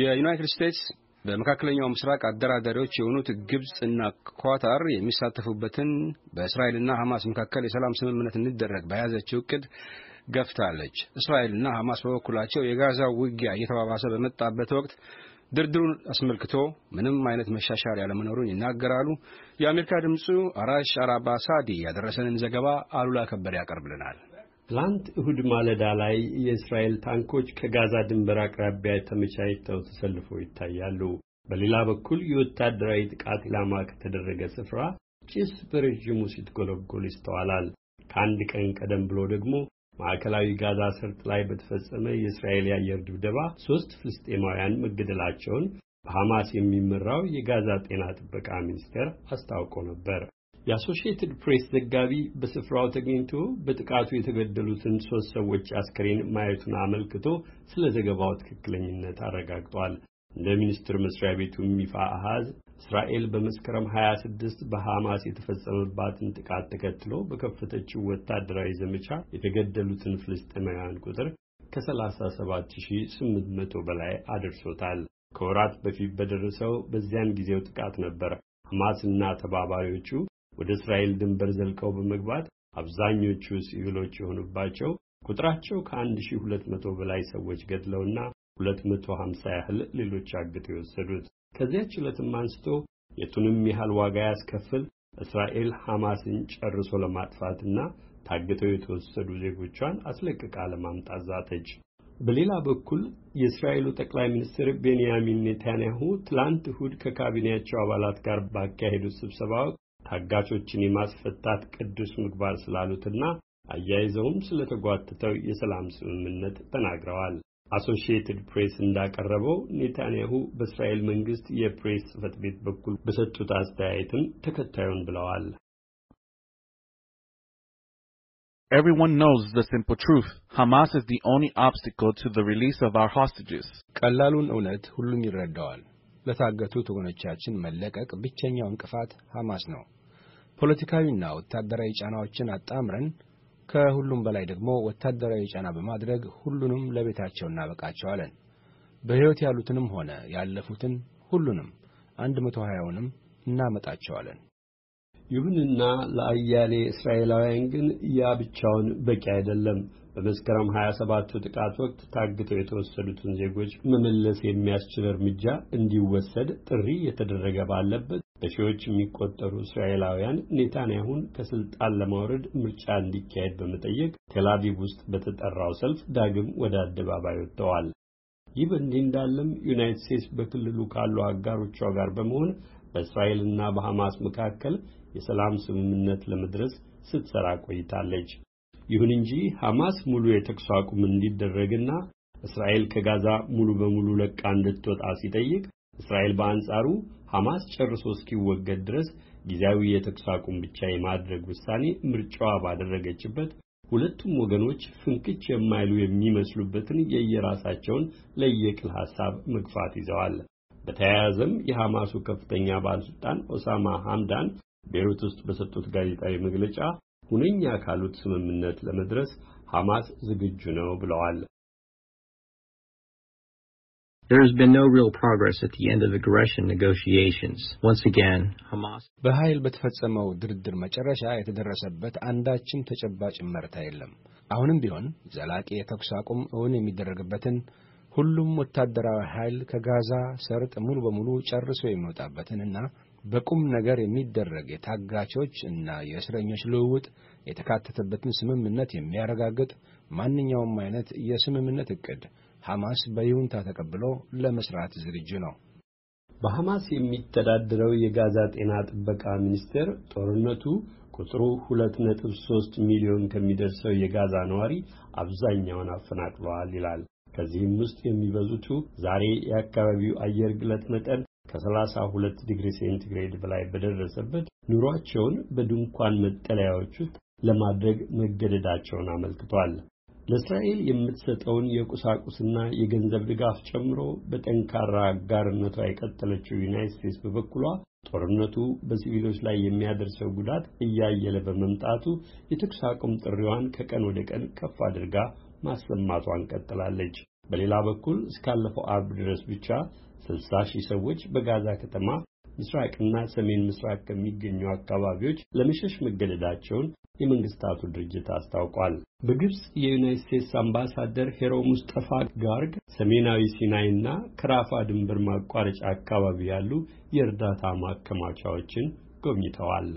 የዩናይትድ ስቴትስ በመካከለኛው ምስራቅ አደራዳሪዎች የሆኑት ግብፅ እና ኳታር የሚሳተፉበትን በእስራኤልና ሐማስ መካከል የሰላም ስምምነት እንዲደረግ በያዘችው እቅድ ገፍታለች። እስራኤልና ሐማስ በበኩላቸው የጋዛው ውጊያ እየተባባሰ በመጣበት ወቅት ድርድሩን አስመልክቶ ምንም አይነት መሻሻል ያለመኖሩን ይናገራሉ። የአሜሪካ ድምፁ አራሽ አራባ ሳዲ ያደረሰንን ዘገባ አሉላ ከበደ ያቀርብልናል። ትላንት እሁድ ማለዳ ላይ የእስራኤል ታንኮች ከጋዛ ድንበር አቅራቢያ ተመቻችተው ተሰልፈው ይታያሉ። በሌላ በኩል የወታደራዊ ጥቃት ኢላማ ከተደረገ ስፍራ ጭስ በረዥሙ ሲትጎለጎል ይስተዋላል። ከአንድ ቀን ቀደም ብሎ ደግሞ ማዕከላዊ ጋዛ ሰርጥ ላይ በተፈጸመ የእስራኤል የአየር ድብደባ ሦስት ፍልስጤማውያን መገደላቸውን በሐማስ የሚመራው የጋዛ ጤና ጥበቃ ሚኒስቴር አስታውቆ ነበር። የአሶሺየትድ ፕሬስ ዘጋቢ በስፍራው ተገኝቶ በጥቃቱ የተገደሉትን ሦስት ሰዎች አስከሬን ማየቱን አመልክቶ ስለ ዘገባው ትክክለኝነት አረጋግጧል። እንደ ሚኒስቴር መስሪያ ቤቱ ይፋ አሃዝ እስራኤል በመስከረም 26 በሐማስ የተፈጸመባትን ጥቃት ተከትሎ በከፈተችው ወታደራዊ ዘመቻ የተገደሉትን ፍልስጤማውያን ቁጥር ከ37800 በላይ አድርሶታል። ከወራት በፊት በደረሰው በዚያን ጊዜው ጥቃት ነበር ሐማስና ተባባሪዎቹ ወደ እስራኤል ድንበር ዘልቀው በመግባት አብዛኞቹ ሲቪሎች የሆኑባቸው ቁጥራቸው ከ1200 በላይ ሰዎች ገድለውና 250 ያህል ሌሎች አግተው የወሰዱት ከዚያች ዕለትም አንስቶ የቱንም ያህል ዋጋ ያስከፍል እስራኤል ሐማስን ጨርሶ ለማጥፋትና ታግተው የተወሰዱ ዜጎቿን አስለቅቃ ለማምጣት ዛተች። በሌላ በኩል የእስራኤሉ ጠቅላይ ሚኒስትር ቤንያሚን ኔታንያሁ ትላንት እሁድ ከካቢኔያቸው አባላት ጋር ባካሄዱት ስብሰባ ታጋቾችን የማስፈታት ቅዱስ ምግባር ስላሉትና አያይዘውም ስለተጓትተው የሰላም ስምምነት ተናግረዋል። አሶሺየትድ ፕሬስ እንዳቀረበው ኔታንያሁ በእስራኤል መንግስት የፕሬስ ጽሕፈት ቤት በኩል በሰጡት አስተያየትም ተከታዩን ብለዋል። Everyone knows the simple truth. Hamas is the only obstacle to the release of our hostages. ቀላሉን እውነት ሁሉም ይረዳዋል። ለታገቱት ወገኖቻችን መለቀቅ ብቸኛው እንቅፋት ሐማስ ነው። ፖለቲካዊና ወታደራዊ ጫናዎችን አጣምረን ከሁሉም በላይ ደግሞ ወታደራዊ ጫና በማድረግ ሁሉንም ለቤታቸው እናበቃቸዋለን። በሕይወት ያሉትንም ሆነ ያለፉትን ሁሉንም አንድ መቶ ሀያውንም እናመጣቸዋለን። ይሁንና ለአያሌ እስራኤላውያን ግን ያ ብቻውን በቂ አይደለም። በመስከረም 27ቱ ጥቃት ወቅት ታግተው የተወሰዱትን ዜጎች መመለስ የሚያስችል እርምጃ እንዲወሰድ ጥሪ የተደረገ ባለበት በሺዎች የሚቆጠሩ እስራኤላውያን ኔታንያሁን ከስልጣን ለማውረድ ምርጫ እንዲካሄድ በመጠየቅ ቴላቪቭ ውስጥ በተጠራው ሰልፍ ዳግም ወደ አደባባይ ወጥተዋል። ይህ በእንዲህ እንዳለም ዩናይትድ ስቴትስ በክልሉ ካሉ አጋሮቿ ጋር በመሆን በእስራኤልና በሐማስ መካከል የሰላም ስምምነት ለመድረስ ስትሰራ ቆይታለች። ይሁን እንጂ ሐማስ ሙሉ የተኩስ አቁም እንዲደረግና እስራኤል ከጋዛ ሙሉ በሙሉ ለቃ እንድትወጣ ሲጠይቅ፣ እስራኤል በአንጻሩ ሐማስ ጨርሶ እስኪወገድ ድረስ ጊዜያዊ የተኩስ አቁም ብቻ የማድረግ ውሳኔ ምርጫዋ ባደረገችበት ሁለቱም ወገኖች ፍንክች የማይሉ የሚመስሉበትን የየራሳቸውን ለየቅል ሐሳብ መግፋት ይዘዋል። በተያያዘም የሐማሱ ከፍተኛ ባለሥልጣን ኦሳማ ሐምዳን ቤሩት ውስጥ በሰጡት ጋዜጣዊ መግለጫ ሁነኛ ካሉት ስምምነት ለመድረስ ሐማስ ዝግጁ ነው ብለዋል። There has been no real progress at the end of aggression negotiations. Once again, Hamas በኃይል በተፈጸመው ድርድር መጨረሻ የተደረሰበት አንዳችም ተጨባጭ መርታ የለም። አሁንም ቢሆን ዘላቂ የተኩስ አቁም እውን የሚደረግበትን ሁሉም ወታደራዊ ኃይል ከጋዛ ሰርጥ ሙሉ በሙሉ ጨርሶ የሚወጣበትንና በቁም ነገር የሚደረግ የታጋቾች እና የእስረኞች ልውውጥ የተካተተበትን ስምምነት የሚያረጋግጥ ማንኛውም አይነት የስምምነት እቅድ። ሐማስ በይሁንታ ተቀብሎ ለመስራት ዝግጁ ነው። በሐማስ የሚተዳደረው የጋዛ ጤና ጥበቃ ሚኒስቴር ጦርነቱ ቁጥሩ 2.3 ሚሊዮን ከሚደርሰው የጋዛ ነዋሪ አብዛኛውን አፈናቅለዋል ይላል። ከዚህም ውስጥ የሚበዙቱ ዛሬ የአካባቢው አየር ግለት መጠን ከ32 ዲግሪ ሴንቲግሬድ በላይ በደረሰበት ኑሯቸውን በድንኳን መጠለያዎች ውስጥ ለማድረግ መገደዳቸውን አመልክቷል። ለእስራኤል የምትሰጠውን የቁሳቁስና የገንዘብ ድጋፍ ጨምሮ በጠንካራ አጋርነቷ የቀጠለችው ዩናይት ስቴትስ በበኩሏ ጦርነቱ በሲቪሎች ላይ የሚያደርሰው ጉዳት እያየለ በመምጣቱ የተኩስ አቁም ጥሪዋን ከቀን ወደ ቀን ከፍ አድርጋ ማሰማቷን ቀጥላለች። በሌላ በኩል እስካለፈው አርብ ድረስ ብቻ 60 ሺህ ሰዎች በጋዛ ከተማ ምስራቅና ሰሜን ምስራቅ ከሚገኙ አካባቢዎች ለመሸሽ መገደዳቸውን የመንግስታቱ ድርጅት አስታውቋል። በግብጽ የዩናይት ስቴትስ አምባሳደር ሄሮ ሙስጠፋ ጋርግ ሰሜናዊ ሲናይና ከራፋ ድንበር ማቋረጫ አካባቢ ያሉ የእርዳታ ማከማቻዎችን ጎብኝተዋል።